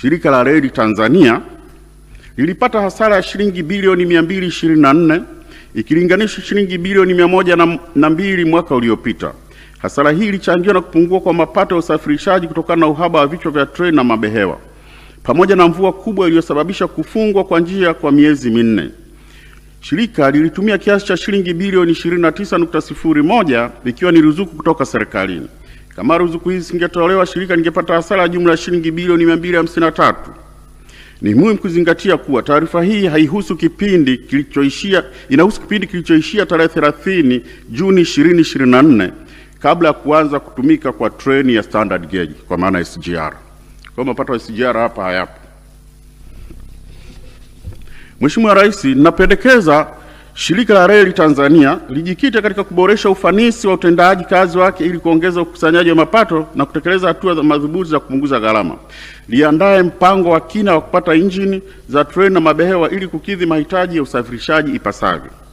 shirika la reli Tanzania lilipata hasara ya shilingi bilioni 224 ikilinganishwa shilingi bilioni 102 mwaka uliopita. Hasara hii ilichangiwa na kupungua kwa mapato ya usafirishaji kutokana na uhaba wa vichwa vya treni na mabehewa pamoja na mvua kubwa iliyosababisha kufungwa kwa njia kwa miezi minne. Shirika lilitumia kiasi cha shilingi bilioni 29.01 ikiwa ni ruzuku kutoka serikalini. Kama ruzuku hizi zisingetolewa, shirika lingepata hasara ya jumla ya shilingi bilioni 253. Ni muhimu kuzingatia kuwa taarifa hii haihusu kipindi kilichoishia, inahusu kipindi kilichoishia tarehe 30 Juni 2024 kabla ya kuanza kutumika kwa treni ya standard gauge kwa maana SGR. Kwa mapato ya SGR hapa hayapo. Mheshimiwa Rais, napendekeza Shirika la Reli Tanzania lijikite katika kuboresha ufanisi wa utendaji kazi wake ili kuongeza ukusanyaji wa mapato na kutekeleza hatua za madhubuti za kupunguza gharama. Liandae mpango wa kina wa kupata injini za treni na mabehewa ili kukidhi mahitaji ya usafirishaji ipasavyo.